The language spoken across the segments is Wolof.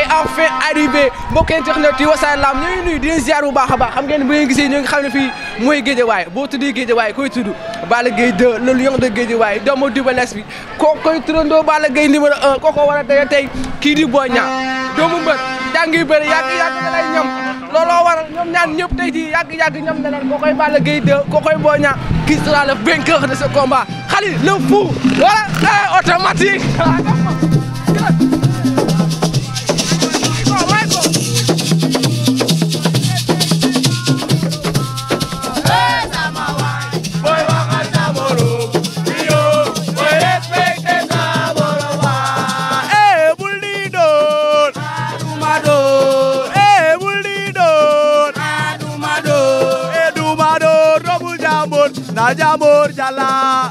est enfin arrivé mbokk internet yi Wassare Lamb ñooñu nuyu di leen ziar bu baax a baax xam ngeen bu ngeen gisee ñoo ngi xam ne fii mooy Guédiawaye boo tuddee Guédiawaye koy tudd Balla Gaye 2 le lion de Guédiawaye doomu Double Less bi koo koy turandoo Balla Gaye numéro 1 koo ko war a daje tey kii di Boy Niang doomu mbër jàngi bëri yàgg yàgg da lay ñam looloo waral ñoom ñaan ñëpp tey di yàgg yàgg ñam da leen koo koy Balla Gaye 2 koo koy Boy Niang qui sera le vainqueur de ce combat Khalil le fou Nadia Mor Diala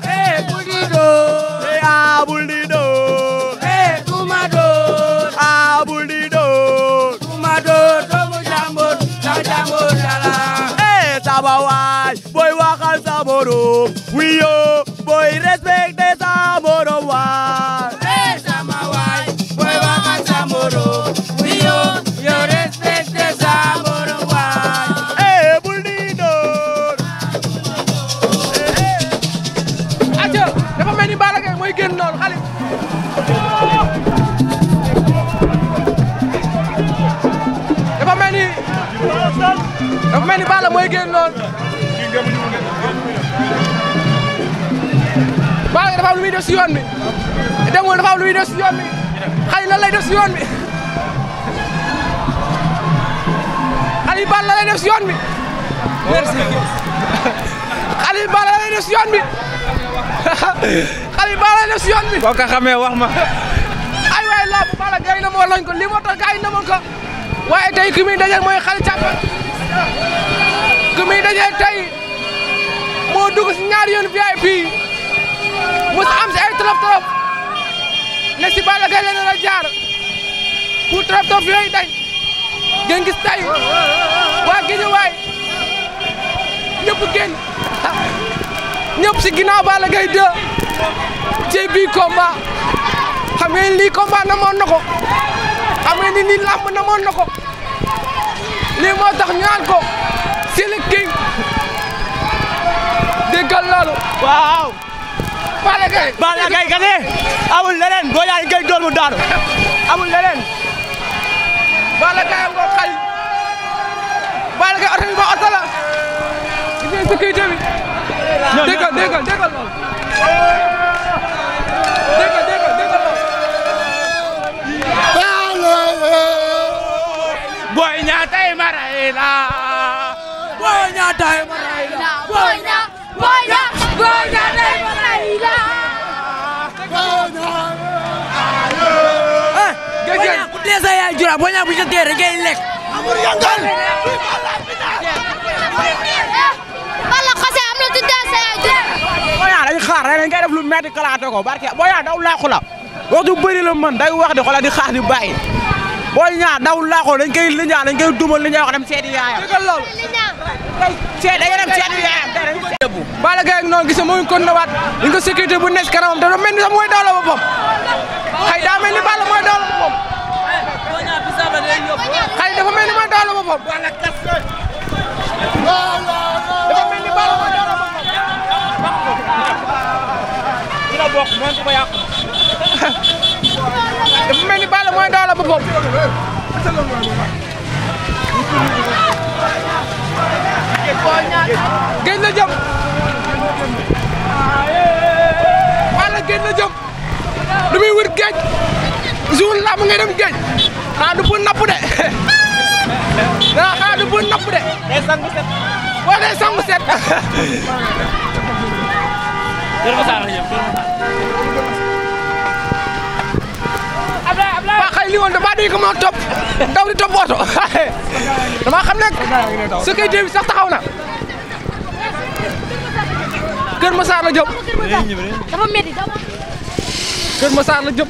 dafa am lu muy def si yoon bi dafa am lu muy def si yoon bi xale lan lay def si yoon bi xale ban la lay def si yoon bi merci xale ban la wax ma. ay waay làmb Balla Gaye na moo lañ ko lii moo na ma ko waaye tey ki muy dajeel mooy Xali Càppa ki muy dajeel tey moo dugg si ñaari yoon mos am si ay trop trop ne si Balla Gaye la nar a jaar pour trop gis tey waa Guédiawaye ñëpp génn ñëpp si ginnaaw Balla Gaye 2 ci bii combat na ko xam ni lii na ko lii moo ko c'est le king waaw Balla Gaye Balla Gaye gagné amul leneen Boy Niang ngay door mu daanu oto bi ma oto la gis ngeen sécurité bi déggal déggal déggal lool déggal déggal déggal lool Boy Niang tey ma rey la Boy Niang tey dee sa yaay jura boo ñaa bu ñu tee rek ngay lekk amul yëngal wala xase am na tuddee sa yaay jura boo ñaa dañu xaar rek ngay def lu metti kalaate ko barke boo ñaa daw laaxu la wax du bëri la man day wax di xoolal di xaar di bàyyi boo ñaa daw laaxu dañ koy li ñaa dañ koy dumal li ñaa wax dem seeti yaayam seet da ngay dem seeti yaayam Balla Gaye ak noonu gis nga mu ngi ko nëwaat dañ ko sécurité bu nekk kanamam te mel ni sax mooy daw la boppam boppam. wala gas fee. dafa mel ni baal ma dara boppam. dina bokk mën ko ba yàq. dafa mel ni baal mooy dara boppam. génn na jëm. wala génn na jëm. du muy wër géej. jour la mu ngay dem géej. ah du pour napp de. ah xaalis bu napp de. day sangu sangu set. Kër Masar li woon damaa dañu ko mën daw di topp oto damaa xam nag sécurité bi sax taxaw na. Kër Masar la jëm. Kër Masar la jëm.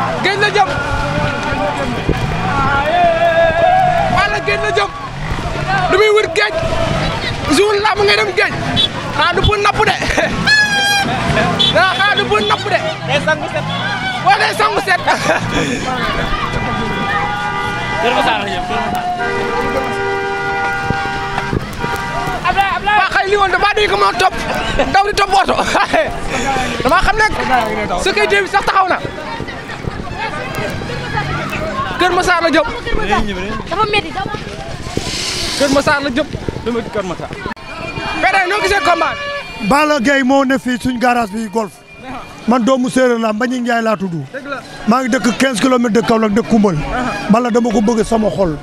géej la jëm Balla géej la jëm du muy wër géej jour làmb ngay dem géej xanaa du pour napp de xanaa du pour napp de boo dee sangu set waaw xëy li woon damaa dégg ko ma topp daw di topp oto damaa taxaw na Kër Masar la jëm. dafa métti. la jëm. dama ci Kër Masar. moo ne fii suñ garage bi golf man doomu séeréer naa Mbañi Njaay laa maa ngi dëkk 15 kilomètres de Kaolack dëkk Koumbal. Balla dama ko bëgg sama xol.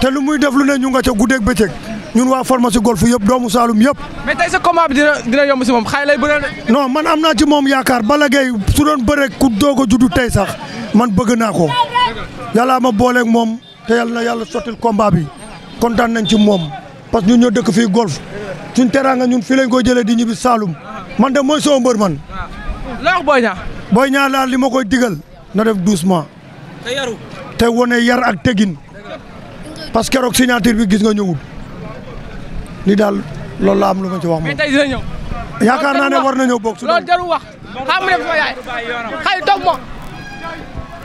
te lu muy def lu ne ñu nga ca guddeeg bëccëg. ñun waa pharmacie golf yëpp doomu Saloum yëpp. mais bi dina dina yomb si moom xay lay bëreel de. non man am naa ci moom yaakaar Balla Gaye su doon bëree ku doog a juddu tey sax man bëgg naa ko yàllaa ma booleeg moom te yàlla na yàlla sottil combat bi kontaan nañ ci moom parce que ñun ñoo dëkk fii golf suñ teraanga ñun fii lañ koy jëlee di ñibbi saalum man de mooy sama mbër man. loox Boy Niang. Boy Niang daal li ma koy digal na def doucement. te yaru te wone yar ak tegin parce que keroog signature bi gis nga ñëwul. li daal loolu la am lu ma ci wax moom. mais yaakaar naa ne war na ñëw bokk su loolu jarul wax xam ne sama yaay xay toog ma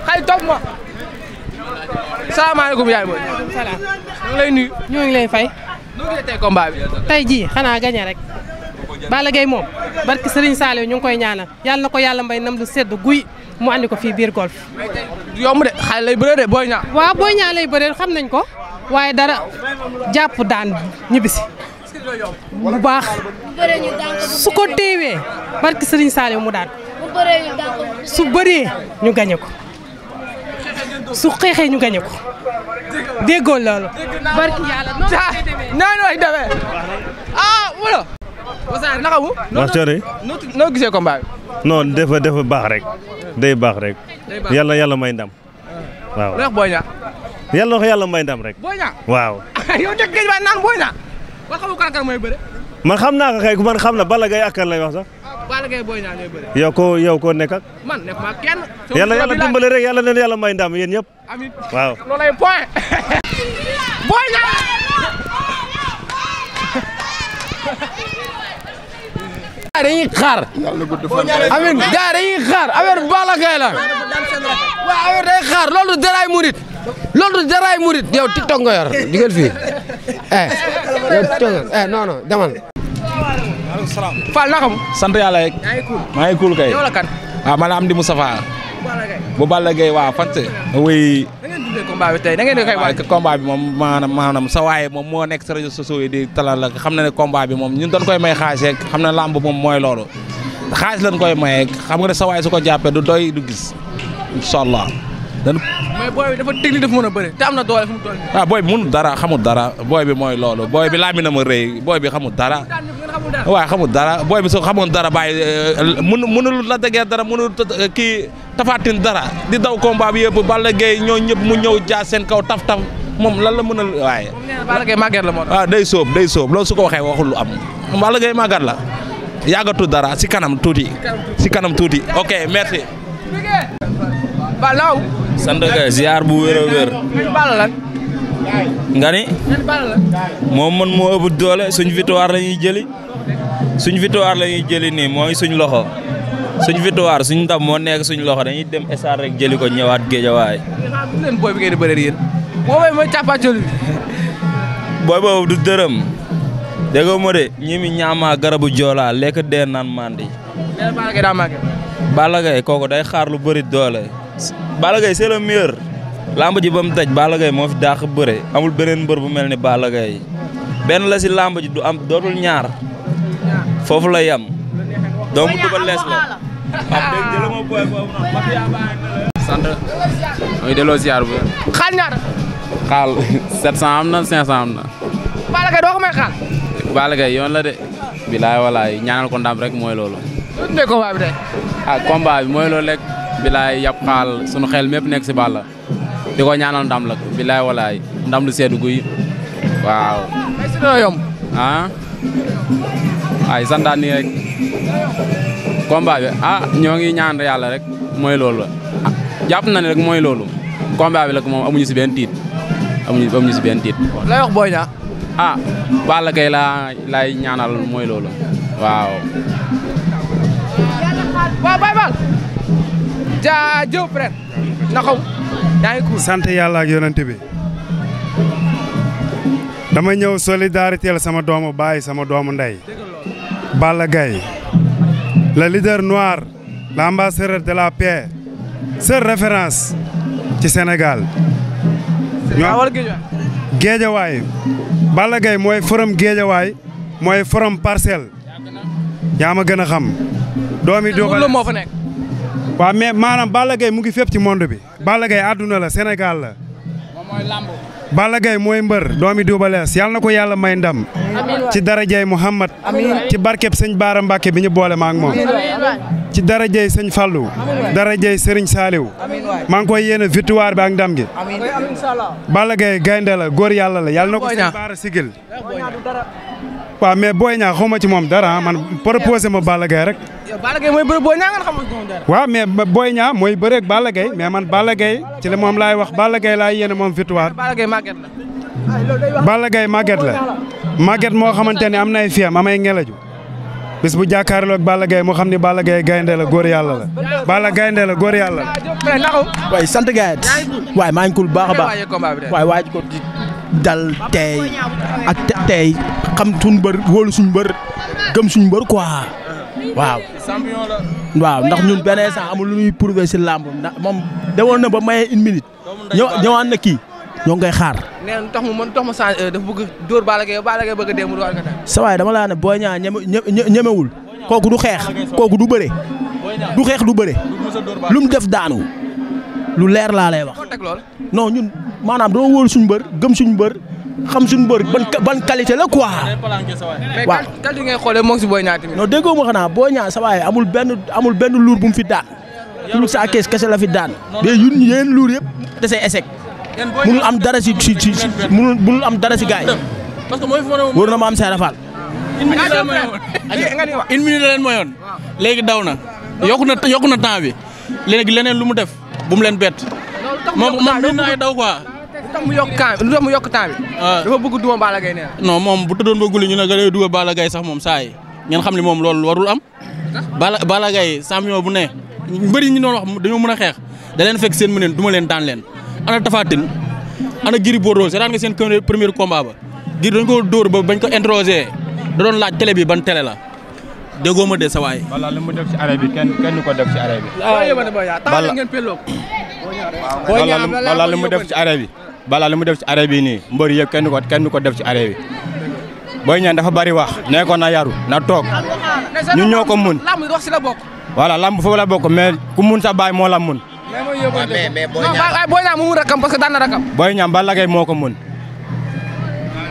xay toog ma. salaamaaleykum yaay booy. salaam. ñu lay nuyu. ñu tey jii xanaa gañe rek. Balla Gaye moom barki Serigne Saliou ñu ngi koy ñaanal yàlla na ko yàlla mbay nam lu sedd guy mu andi ko fii biir golf. yomb de xale lay bëree de booy ñaa. waaw booy ñaa lay bëree xam nañ ko waaye dara jàpp daan ñibisi bu baax su ko teewee barki Serigne Saliou mu daan su bëree ñu gañe ko su xeexee ñu gañe ko déggoo loolu. barki yàlla noonu lay demee ah wala. wasaare naka gisee combat bi. non dafa dafa baax rek. day baax rek. yàlla yàlla may ndam. Ah. waaw wax booy yàlla wax yàlla may ndam rek. waaw. man xamu xam naa ko kay man xam na Balla Gaye ak kan lay wax sax. Ah, Balla Gaye Boy Niang ñooy bëre. yow koo yow koo nekk ak. man nekk ma kenn. yàlla yàlla dimbale rek yàlla leen yàlla may ndam yéen ñëpp. amiin waaw loolu du daraay murit yow tiktok nga yor jugal fii eh yow tiktok eh non non demal. maaleykum sant yàlla rek. ngi kuul kay. yow la ah, di Moustapha. bu Balla Gaye waaw fan se. oui. da ngeen tey da ngeen koy waaj. combat moom maanaam maanaam sa waaye moom moo nekk sa réseaux sociaux yi di talal la xam na ne combat bi moom ñun doon koy may xaalis rek xam na làmb moom mooy loolu. xaalis lañ koy may xam nga ne sa waay su ko jàppee du doy du gis incha dañu. mais booy bi dafa a bëri te am na doole fu mu toll ah, booy bi mënul dara xamul dara booy bi mooy loolu booy bi laamina ma rëy booy bi xamul dara. waaw xamul dara booy bi soo xamoon dara bàyyi euh, mënu mënul la dëggee dara mënul euh, kii tafaatin dara di daw combat bi yëpp bala Gaye ñoo ñëpp mu ñëw jaa seen kaw taf taf moom lan la mën a waaye. Balla màgget la moo tax. waaw ah, day sóob day sóob loolu su ko waxee waxul lu am Balla Gaye màggat la yàggatu dara si kanam tuuti. si kanam tuuti ok merci. sant kay ziar bu wér a wér. nga ni. moom man moo ëpp doole suñ victoire la ñuy jëli. suñ victoire la jëli nii mooy suñ loxo. suñ victoire suñ ndam moo nekk suñ loxo dañuy dem estaad rek jëli ko ñëwaat géejawaay. booy bi mooy càppaacol bi. boobu du dërëm. dégg nga moo de ñi mi ñaamaa garabu joolaa lekk dee naan mandi. kooku day xaar lu bëri doole. Balla Gaye c'est le meilleur. lamb ji ba mu daj Balla Gaye moo fi daax bëre amul beneen mbër bu mel ni Balla Gaye benn la si lamb ji du am dootul ñaar foofu la yam donc du ba la. sant. mooy delloo ziar bu wér. xaal ñaata. xaal 700 am na am na. Balla Gaye doo ko may xaal. Balla Gaye yoon la de. bilaay walaay ñaanal ko rek mooy loolu. bilaay yàpp xaal sunu xel mépp nekk si Balla di ko ñaanal ndam la bilaay walaay ndam lu seedu guy waaw. ay si ah? rek combat bi ah ñoo ngi ñaan yàlla rek mooy loolu ah jàpp na ne rek mooy loolu combat bi la moom amuñu si benn tiit amuñu amuñu si benn tiit. lay wax Boy Niang ah Balla Gaye laa ñaanal mooy loolu waaw. waaw jaajëf sant yàlla ak bi dama ñëw solidarité sama doomu baay sama doomu ndey. Balla Gaye le leader noir l'ambassadeur de la paix seule ci senegal ñoo ah, géejawaay Balla Gaye mooy forom géejawaay mooy forom parcelle. yaa gën a xam. doomi duuxal nekk. waaw mais maanaam Balla Gaye mu ngi fépp ci monde bi. Balla Gaye àdduna la Sénégal la. mooy lamb. Balla Gaye mooy mbër. doomi Double yal na ko yàlla may ndam. ci darajay Muhammad ci barkeb sëñ Baara Mbacke bi ñu boole ma ak moom. ci darajay sëñ Fallou. darajay Serigne Saliou. maa ngi koy yéene victoire bi ak ndam gi. Balla Gaye gaynde la góor yàlla la yal na ko sëñ Baara sigil. waaw mais booy ñaa xaw ma ci moom dara man proposé ma Balla Gaye rek. Balla Gaye mooy bëre Boy Niang ngeen xamul dara. waaw mais mooy bëreeg Balla Gaye mais man Balla Gaye ci la moom laay wax Balla Gaye laay yéene moom victoire. Balla Gaye màgget la. Balla Gaye màgget la màgget moo xamante ne am na ay fiyam am ay ngelaju bis bu jàkkaarloo ak Balla Gaye moo xam ne Balla gay gaynde la góor yàlla la Balla gayndee la góor yàlla la. waay sant gaay waay maa ngi kul baax a baax waay waaj ko di dal tey ak tey xam suñu bër wóolu suñu bër gëm suñu bër quoi. waaw. champion waaw ndax ñun benn instant amul lu ñuy prouver si làmb ndax moom demoon na ba maye une minute. ñëwaan na kii ñoo ngi koy xaar. nee tax mu man tax mu saa eh, dafa bëgg dóor Balla Gaye Balla Gaye bëgg a démb war nga def. sa dama laa ne ñaa Niang ñeme ñemewul kooku du xeex kooku du bëre du xeex du bëre lu mu def daanu lu leer laa lay wax. non ñun maanaam doo wóor suñu mbër gëm suñu mbër xam suñu mbër ban ban qualité la quoi. waaw mais qualité xoolee moom si Boy Niang tamit. non déggoo ma xanaa Boy Niang amul benn amul benn luur bu mu fi daan. lu saa kees kese la fi daan. mais yéen yéen luur yëpp dasee échec. munul am dara si si si munul am dara si gars yi. parce que mooy fi ma ne wóor na ma am sa rafal. une minute la leen mayoon une léegi daw na yokku na yokku na temps bi léegi leneen lu mu def bu leen bett. moom moom mën daw quoi. tax mu yokk temps lu tax mu yokk temps bi. Ah. dafa bëgg duma Balla moom bu tëddoon ba guddi ñu ne nga lay duma Balla sax moom saa yi xam ne moom loolu warul am. Balla Balla Gaye champion bu ne mbëri ñi doon wax dañoo mën a xeex da leen fekk seen mëneen duma leen daan leen ana Tapha Tine ana Gris Bordeaux seetaan nga seen premier combat ba Gris dañ ko dóor ba bañ ko interroger da doon laaj télé bi ban télé la déggoo de sa waay. voilà li bi kenn kenn ko def ci arrêt bi. waaw waaw waaw waaw li balaa li mu def ci arrêt bi nii mbër yëpp kenn ko kenn ko def ci arrêt bi Boy dafa bari wax nee ko na yaru na toog ñun ñoo ko mun. lamb wax ci la bokk. voilà lamb foofu la bokk mais ku mun sa baay moo la mun. mais mais Boy Niang Boy Niang mu mun rakam parce que rakam. Boy Niang Balla Gaye moo ko mun.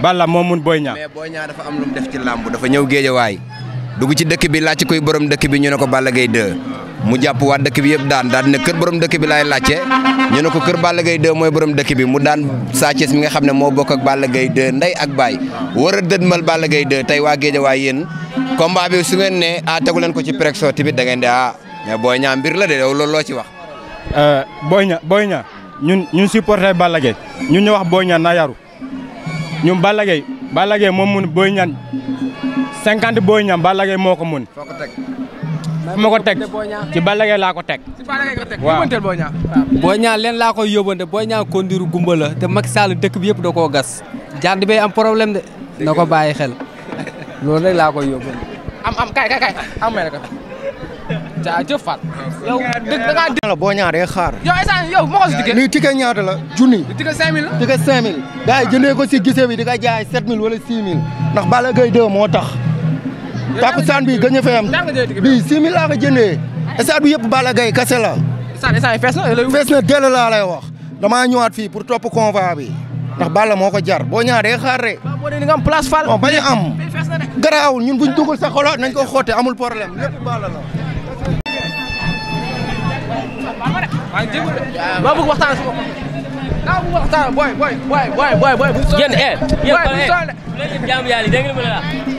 Balla moo mun booy Niang. mais Boy dafa am lu mu def ci lamb dafa ñëw géejawaay dugg ci dëkk bi laaj koy borom dëkk bi ñu ne ko Balla Gaye mu jàpp waa dëkk bi yëpp daan daan ne kër borom dëkk bi laay laajte. ñu ne ko kër Balla Gaye mooy borom dëkk bi mu daan Sa Thiès mi nga xam ne moo bokk ak Balla Gaye ndey ak baay war a dëdmal Balla Gaye 2 tey waa géej waa yéen combat bi su ngeen ne ah tegu leen ko ci Prexo tamit da ngeen di ah mais Boy Niang mbir la de loolu loo ci wax. Euh, Boy Niang ñun ñun supporter Balla Gaye ñun ñu wax Boy Niang na yaru ñun Balla Gaye Balla Gaye moom mun Boy Niang cinquante moo ko mun. fu ma ko teg ci Balla Gaye laa ko teg. waaw Boy Niang leen laa koy yóbbante Boy Niang kondiru gumba la te Macky Sall dëkk bi yëpp da koo gas. jaan bi am problème de. na ko bàyyi xel loolu rek laa koy yóbbante. am am kay kay kay am may la ko. jaajëf Fatou. yow dëgg da ngaa boo ñaaree xaar. yow instant ñaata la junni. ticket 5000 la. ticket jëndee ko si gisee bi di ko jaay 7000 wala 6000 ndax Balla Gaye 2 moo tax. takkusaan bi gëj bi fee am. bii six mille laa jëndee. stade bi yëpp Balla Gaye kese la. stade stade fees na. fees na dell laa lay wax. damaa ñëwaat fii pour topp convoi bi. ndax Balla moo ko jar boo ñëwaat day xaar rek. boo dee nga am place awul bon bañ a ñun buñ dugal sa nañ ko xoote amul problème lépp Balla la.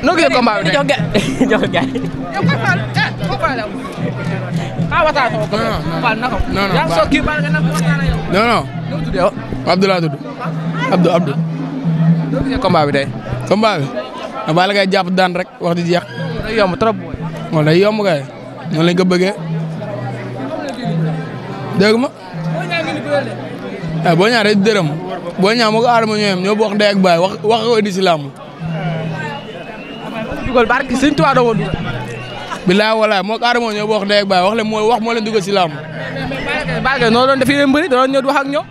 noo gisee combat bi jox jox gaay non non noo tudd yow Abdou laa tudd Abdou Abdou noo gisee combat bi na Balla Gaye jàpp daan rek wax di jeex day yomb trop moom day yomb kay noonu lañ ko bëggee dégg ma waaw boo ñaaree dërëm boo dugal barki sëñ Tuubaa doo dugal. bilaa moo ñoo bokk ndey ak baay moo leen dugal si làmb. mais doon dafay leen bëri doon ñëw wax ak ñoom.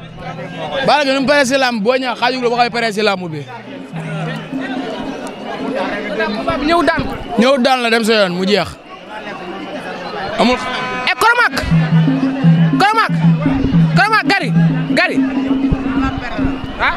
Balla Gaye nu mu paree si làmb boo ñëwee xaajul ba koy paree si làmb daan ko. daan la dem sa yoon mu jeex. amul. e eh, Koromak. Koromak. gari gari. Ah?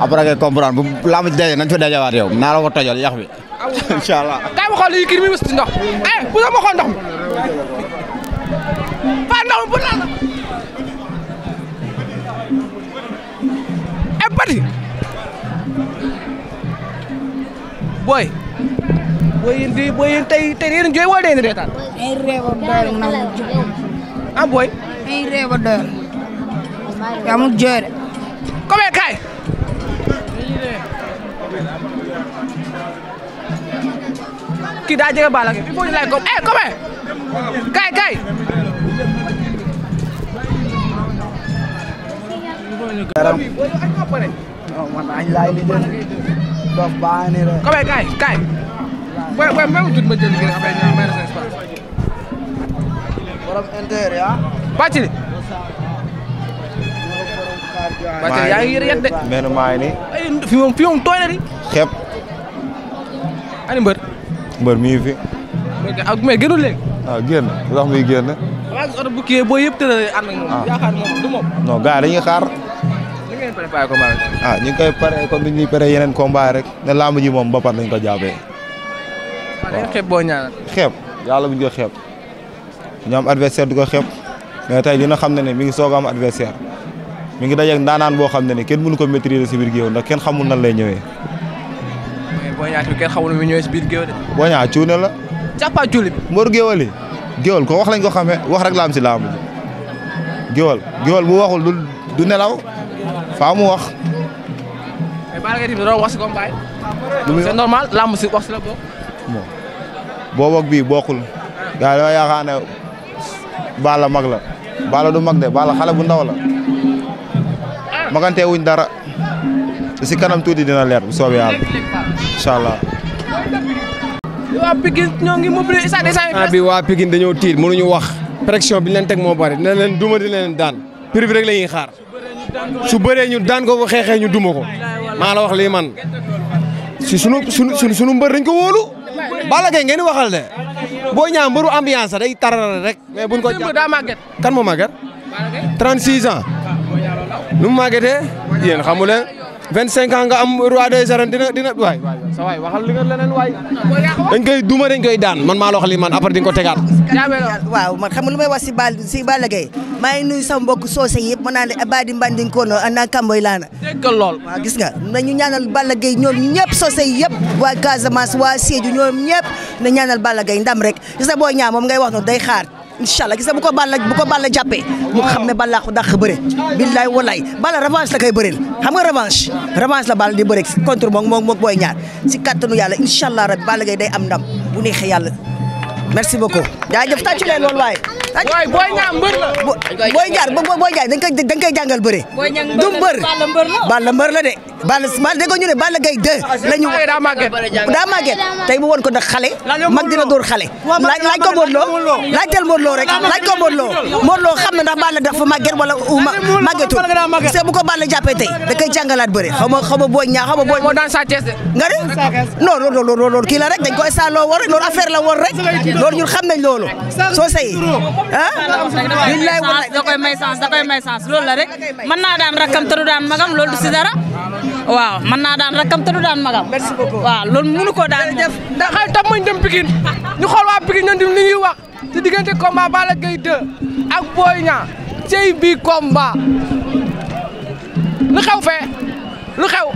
après nga comprendre bu laa ma daje nañ fa dajawaat naa la ko tojal yax bi incha allah. kaay ma xool lii kii bi eh, bu doon ma xool ndox mi fa ndox bu naan eh de. Ah, comme kaay. kii daa jege Balla Gaye il faut ñu laaj ko eh come kay kay come kay kay boy boy ma wut ma jël ngir affaire ñaan may na sa espace borom inter ya ah. Bathily Bathily yaa ngi yëre de meen maa ngi ni fi moom fi moom tooy na di xepp ani mbër mbër mi ngi fi. ak mais gënul léegi. waaw ah, génn lu tax muy génn. waaw oto bu kii boo yëpp tëralee ànd ak moom. Ah. yaakaar moom du moom. non gars dañuy xaar. ni ngeen préparé combat bi. Ah, ñu ngi koy paree comme ni ñuy paree yeneen combat rek ne làmb ji moom ba par nañ ko jàppee. waaw waaw xeeb buñ ko xeeb ñu am adversaire ko xeeb mais tey dina xam ne ne mi ngi soog am adversaire mi ngi dajeeg ndaanaan boo xam ne ne kenn mënu ko maîtriser si biir géew ndax kenn xamul nan lay ñëwee. boo ñaatu kenn xamul mu ñëwee si biir géwél de. boo ñaa cuune la. càppaa cuuli bi. ko wax lañ ko xamee wax rek la si laamu ji géwél bu waxul du du nelaw faa mu wax. mais Balla Gaye tamit wax bii bokkul. gars yi dafa yaakaar mag la. Balla du mag de Balla xale bu ndaw la. Ah. magante wuñ dara. te si kanam tuuti dina leer bu soobee yàlla incha allah. waa Pikine ñoo ngi mobiliser isa isa bi waa Pikine dañoo tiit mënuñu wax pression bi ñu leen teg moo bari na leen duma dina leen daan prix bi rek la ñuy xaar su bëree ñu daan ko bu xeexee ñu duma ko maa la wax lii man si sunu sunu sunu mbër dañ ko wóolu. Balla Gaye ngeen di waxal de boo ñaa mbëru ambiance day taral rek mais buñ ko jàpp kan moo màgget 36 ans nu mu màggetee yéen xamu leen 25 ans nga am roi dina dina waay waay sa waay duma dañ koy daan man maa la wax li man après ko tegaat. waaw man xam nga may wax si Bal si maa ngi nuyu sama mbokk soose yëpp ma naan abadi mbandi ana kamboy laana. dégg lool gis nga nañu ñaanal Balla Gaye ñoom ñëpp soose yëpp waa Casamance waa Sédhiou ñoom ñëpp na ñaanal Balla Gaye ndam rek gis nga boo ñaan moom ngay wax noonu day xaar. incha allah gis nga ko Balla bu ko Balla jàppee mu xam ne Balla ko dàq bëre billaay walaay Balla revanche la koy bëreel xam nga revanche revanche la Balla di bëre contre moom moom moom booy ñaar si kattanu yàlla incha allah rabbi Balla Gaye day am ndam bu neexee yàlla merci beaucoup jaajëf tàcc leen loolu waaye. waaye booy ñaar mbër la. booy jaar booy jaar dañ koy dañ koy jàngal bëre. du mbër Balla mbër la de. Balla man dégg ñu ne Balla Gaye 2 la ñu. daa màgget daa tey bu woon ko nag xale. mag dina dóor xale. laaj laaj ko Modou Lo laaj teel loo Lo rek laaj ko Modou Lo Modou Lo xam na ndax la dafa màgget wala màggetul c'est bu ko Balla jàppee tey da koy jàngalaat bëre xaw ma xaw ma booy ñaar xaw ma booy. moo daan Sa Thiès de. nga de non non non loolu kii la rek dañ koy saaloo war rek loolu la war rek loolu ñun xam nañ loolu soo sëyee ah billaay wallaay da koy may sens da koy may la rek mën naa daan rakkam daan magam loolu du si dara waaw mën naa daan rakkam te du daan ko daan def ndax ñu xool waa Pikine ñun dim li ñuy wax ci diggante combat Balla Gaye 2 ak Boy cey bi combat lu xew fee lu xew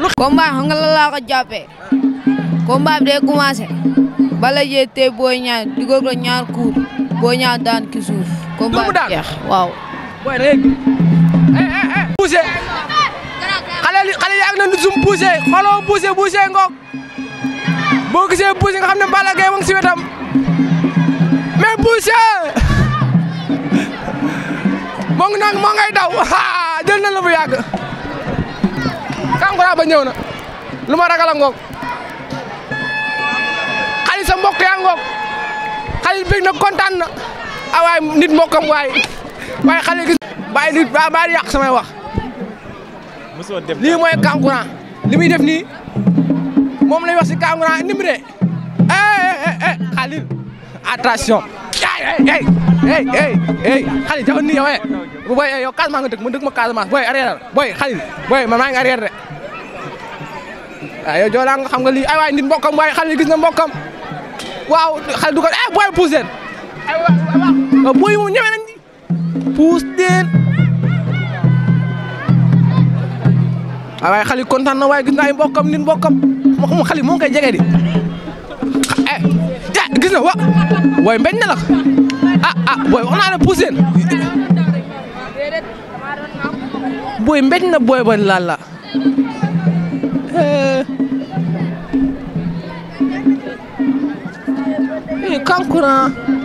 lu combat xam nga la laa ko combat bi day commencé Balla Gaye tey Boy Niang dugal ñaar coup Boy Niang daan ki suuf. combat bi jeex waaw. booy rek. poussé xale li xale yi ak nañu suñu poussé xooloo poussé poussé ngoog boo gisee poussé nga xam ne Balla Gaye mu ngi na la bu yàgg kankuraa ba na lu ma ragal a xale bi nag kontaan na ah nit mbokkam waaye waaye xale gis ba bàyyi yàq samay wax lii mooy kankurang li muy def nii moom lay wax si kankurang Nimré eh, eh, eh, eh Khalil attention ay ay ay ay ay boy yow Casamance nga dëkk ma dëkk ma Casamance boy arrière boy Khalil boy man maa ngi de yow Joola nga xam nga lii ay waay nit mbokkam waaye Khalil gis na mbokkam waaw xale du ko eh, booy puus leen ah, booy moom ñeme nañ puus leen waaw ah, waaye xale kontaan na waaye gis naa ay mbokkam nit mbokkam moom xale moo ngi koy jege di eh, gis na wa booy mbeñ na la ah ah booy wax booy mbeñ na booy ba laal la eh. concurrents